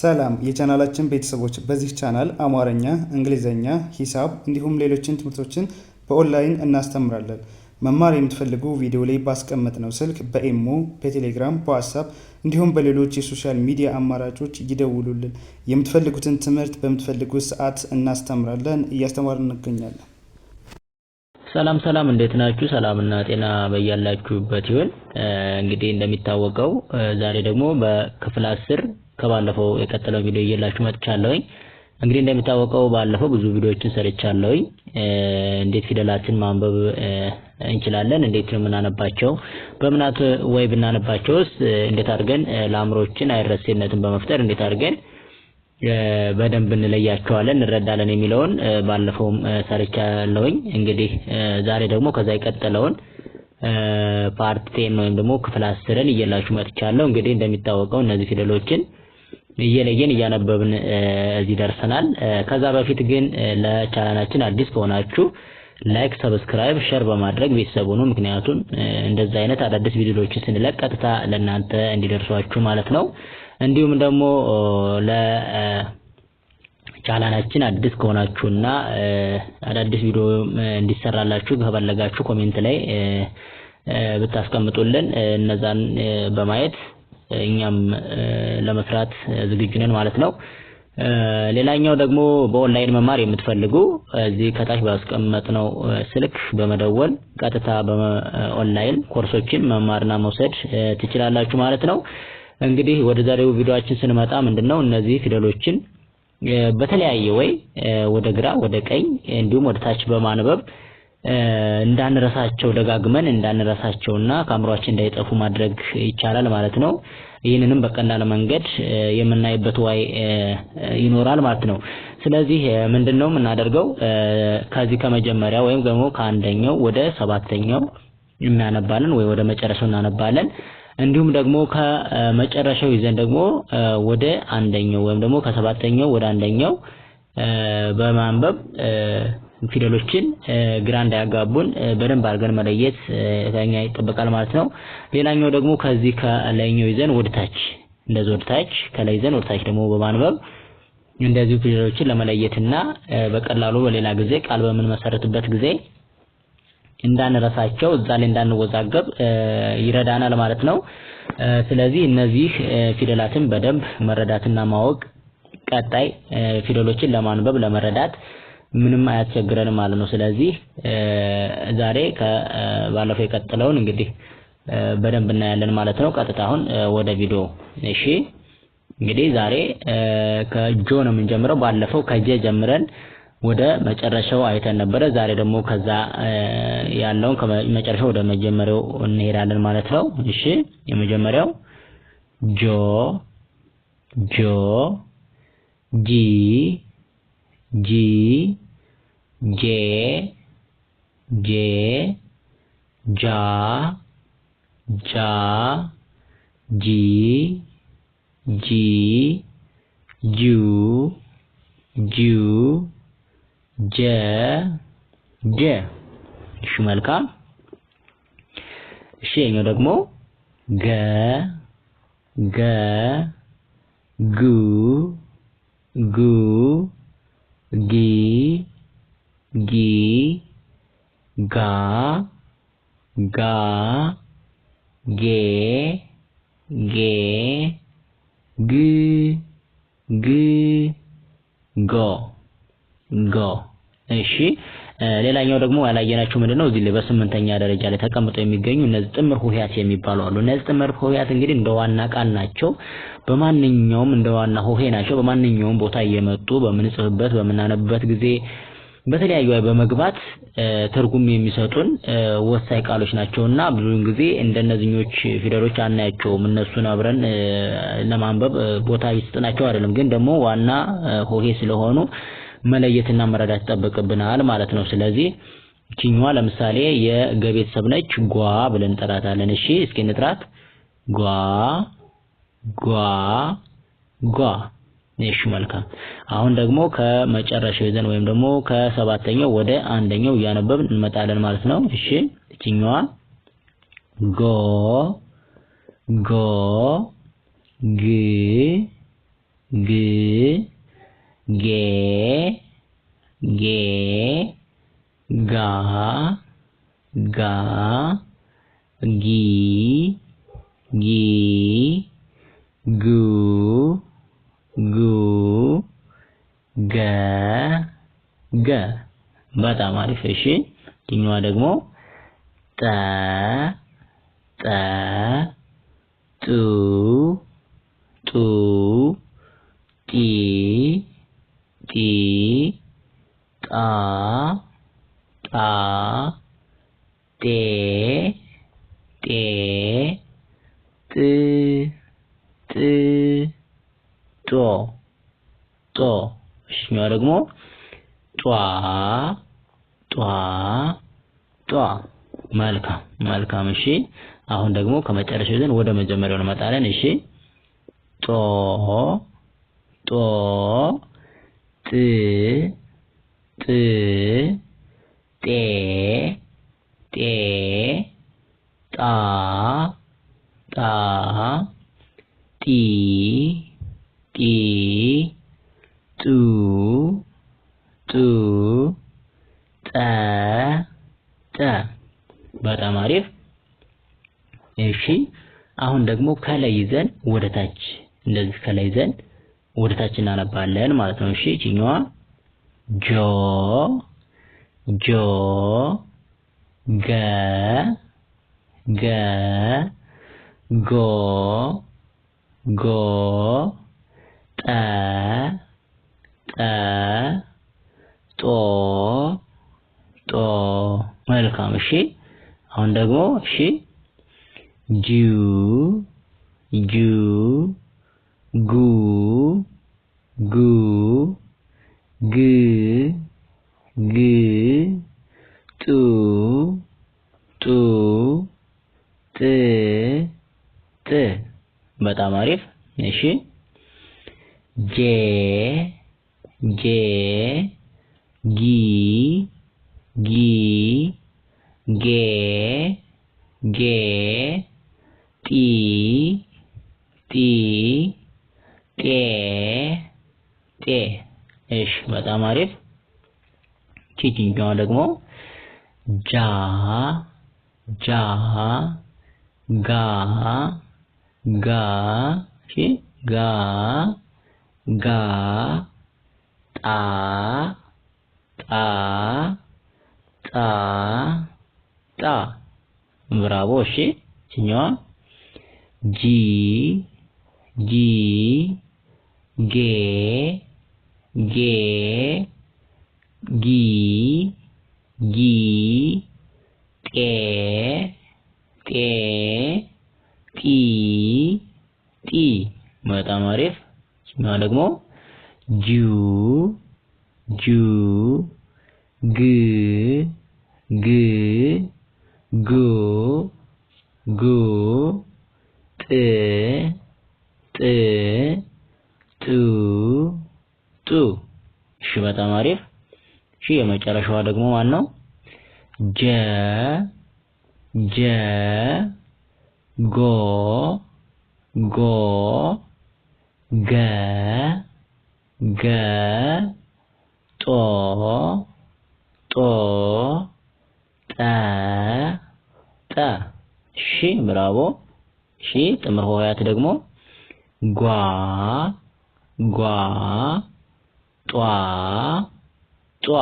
ሰላም የቻናላችን ቤተሰቦች፣ በዚህ ቻናል አማርኛ፣ እንግሊዝኛ፣ ሂሳብ እንዲሁም ሌሎችን ትምህርቶችን በኦንላይን እናስተምራለን። መማር የምትፈልጉ ቪዲዮ ላይ ባስቀመጥ ነው ስልክ በኢሞ፣ በቴሌግራም፣ በዋትሳፕ እንዲሁም በሌሎች የሶሻል ሚዲያ አማራጮች ይደውሉልን። የምትፈልጉትን ትምህርት በምትፈልጉት ሰዓት እናስተምራለን፣ እያስተማርን እንገኛለን። ሰላም ሰላም፣ እንዴት ናችሁ? ሰላምና ጤና በያላችሁበት ይሁን። እንግዲህ እንደሚታወቀው ዛሬ ደግሞ በክፍል አስር ከባለፈው የቀጠለው ቪዲዮ እየላችሁ መጥቻለሁኝ። እንግዲህ እንደሚታወቀው ባለፈው ብዙ ቪዲዮዎችን ሰርቻለሁኝ። እንዴት ፊደላትን ማንበብ እንችላለን፣ እንዴት ነው የምናነባቸው፣ በምናት ወይ ብናነባቸውስ እንዴት አድርገን ለአእምሮችን አይረሴነትን በመፍጠር እንዴት አድርገን በደንብ እንለያቸዋለን እንረዳለን የሚለውን ባለፈውም ሰርቻለሁኝ። እንግዲህ ዛሬ ደግሞ ከዛ የቀጠለውን ፓርት ቴን ወይም ደግሞ ክፍል አስርን እየላችሁ መጥቻለሁ። እንግዲህ እንደሚታወቀው እነዚህ ፊደሎችን እየለየን እያነበብን እዚህ ደርሰናል። ከዛ በፊት ግን ለቻናላችን አዲስ ከሆናችሁ ላይክ፣ ሰብስክራይብ፣ ሸር በማድረግ ቤተሰብ ሁኑ። ምክንያቱም እንደዛ አይነት አዳዲስ ቪዲዮዎችን ስንለቅ ቀጥታ ለእናንተ እንዲደርሷችሁ ማለት ነው። እንዲሁም ደግሞ ለቻናላችን አዲስ ከሆናችሁና አዳዲስ ቪዲዮ እንዲሰራላችሁ ከፈለጋችሁ ኮሜንት ላይ ብታስቀምጡልን እነዛን በማየት እኛም ለመስራት ዝግጁ ነን ማለት ነው። ሌላኛው ደግሞ በኦንላይን መማር የምትፈልጉ እዚህ ከታች ባስቀመጥነው ስልክ በመደወል ቀጥታ በኦንላይን ኮርሶችን መማርና መውሰድ ትችላላችሁ ማለት ነው። እንግዲህ ወደ ዛሬው ቪዲዮአችን ስንመጣ ምንድነው እነዚህ ፊደሎችን በተለያየ ወይ ወደ ግራ ወደ ቀኝ እንዲሁም ወደ ታች በማንበብ እንዳንረሳቸው ደጋግመን እንዳንረሳቸውና ከአእምሯችን እንዳይጠፉ ማድረግ ይቻላል ማለት ነው። ይህንንም በቀላል መንገድ የምናይበት ዋይ ይኖራል ማለት ነው። ስለዚህ ምንድን ነው የምናደርገው? ከዚህ ከመጀመሪያ ወይም ደግሞ ከአንደኛው ወደ ሰባተኛው እናነባለን ወይ ወደ መጨረሻው እናነባለን። እንዲሁም ደግሞ ከመጨረሻው ይዘን ደግሞ ወደ አንደኛው ወይም ደግሞ ከሰባተኛው ወደ አንደኛው በማንበብ ፊደሎችን ግራ እንዳያጋቡን በደንብ አድርገን መለየት ከኛ ይጠበቃል ማለት ነው። ሌላኛው ደግሞ ከዚህ ከላይኛው ይዘን ወደታች እንደዚህ ወደታች ከላይ ይዘን ወደታች ደግሞ በማንበብ እንደዚህ ፊደሎችን ለመለየትና በቀላሉ በሌላ ጊዜ ቃል በምንመሰርትበት ጊዜ እንዳንረሳቸው እዛ ላይ እንዳንወዛገብ ይረዳናል ማለት ነው። ስለዚህ እነዚህ ፊደላትን በደንብ መረዳትና ማወቅ ቀጣይ ፊደሎችን ለማንበብ ለመረዳት ምንም አያስቸግረንም ማለት ነው። ስለዚህ ዛሬ ከባለፈው የቀጥለውን እንግዲህ በደንብ እናያለን ማለት ነው። ቀጥታ አሁን ወደ ቪዲዮ እሺ። እንግዲህ ዛሬ ከጆ ነው የምንጀምረው። ባለፈው ከጀ ጀምረን ወደ መጨረሻው አይተን ነበረ። ዛሬ ደግሞ ከዛ ያለውን ከመጨረሻው ወደ መጀመሪያው እንሄዳለን ማለት ነው። እሺ የመጀመሪያው ጆ ጆ ጂ ጂ ጄ ጄ ጃ ጃ ጂ ጂ ጁ ጁ ጀ ጀ። እሺ መልካም። እሺ የኛው ደግሞ ገ ገ ጉ ጉ ጊ ጊ ጋ ጋ ጌ ጌ ግ ግ ጎ ጎ እሺ ሌላኛው ደግሞ ያላየናቸው ምንድነው እዚህ ላይ በስምንተኛ ደረጃ ላይ ተቀምጠው የሚገኙ እነዚህ ጥምር ሆሄያት የሚባሉ አሉ። እነዚህ ጥምር ሆሄያት እንግዲህ እንደ ዋና ቃል ናቸው። በማንኛውም እንደ ዋና ሆሄ ናቸው። በማንኛውም ቦታ እየመጡ በምንጽፍበት በምናነብበት ጊዜ በተለያዩ በመግባት ትርጉም የሚሰጡን ወሳኝ ቃሎች ናቸውና ብዙውን ጊዜ እንደነዚህኞች ፊደሎች አናያቸውም። እነሱን አብረን ለማንበብ ቦታ ይስጥናቸው አይደለም፣ ግን ደግሞ ዋና ሆሄ ስለሆኑ መለየትና መረዳት ይጠበቅብናል ማለት ነው። ስለዚህ ችኛዋ ለምሳሌ የገ ቤተሰብ ነች። ጓ ብለን እንጠራታለን። እሺ እስኪ እንጥራት። ጓ ጓ ጓ። እሺ መልካም። አሁን ደግሞ ከመጨረሻው ይዘን ወይም ደግሞ ከሰባተኛው ወደ አንደኛው እያነበብን እንመጣለን ማለት ነው። እሺ ችኛዋ ጎ ጎ ግ ግ ጌ ጌ ጋ ጋ ጊ ጊ ጉ ጉ ገ ገ በጣም አሪፍ። እሺ ይህኛዋ ደግሞ ጠ ጠ ጡ ጦ እሽኛዋ ደግሞ ጧ ጧ ጧ መልካም መልካም እሺ አሁን ደግሞ ከመጨረሻው ይዘን ወደ መጀመሪያው እንመጣለን እሺ ጦ ጦ ጥ ጥ ጤ ጤ ጣ ጣ ጢ ጢ ጡ ጡ ጠ ጠ በጣም አሪፍ። እሺ አሁን ደግሞ ከላይ ይዘን ወደ ታች እንደዚህ ከላይ ይዘን ወደ ታች እናነባለን ማለት ነው። እሺ ይችኛዋ ጆ ጆ ገ ገ ጎ ጎ ጠ ጠ ጦ መልካም። እሺ አሁን ደግሞ እሺ ጁ ጁ ጉ ጉ ግ ግ ጡ ጡ ጥ ጥ በጣም አሪፍ። እሺ ጄ ጌ ጊ ጊ ጌ ጌ ጢ ጢ ጤ ጤ። እሽ፣ በጣም አሪፍ። ቺቺኛዋ ደግሞ ጃ ጃ ጋ ጋ ጋ ጋ ጣ ጣ ጣ ጣ ብራቦ። እሺ እችኛዋ ጂ ጂ ጌ ጌ ጊ ጊ ጤ ጤ ጢ ጢ በጣም አሪፍ። እችኛዋ ደግሞ ጁ ጁ ግ ግ ጎ ጎ ጥ ጥ ጡ ጡ እሺ በጣም አሪፍ እሺ የመጨረሻዋ ደግሞ ማን ነው ጀ ጀ ጎ ጎ ገ ገ ጦ ጦ ጠ ጠ። እሺ ብራቦ። እሺ ጥምር ሆሄያት ደግሞ ጓ ጓ ጧ ጧ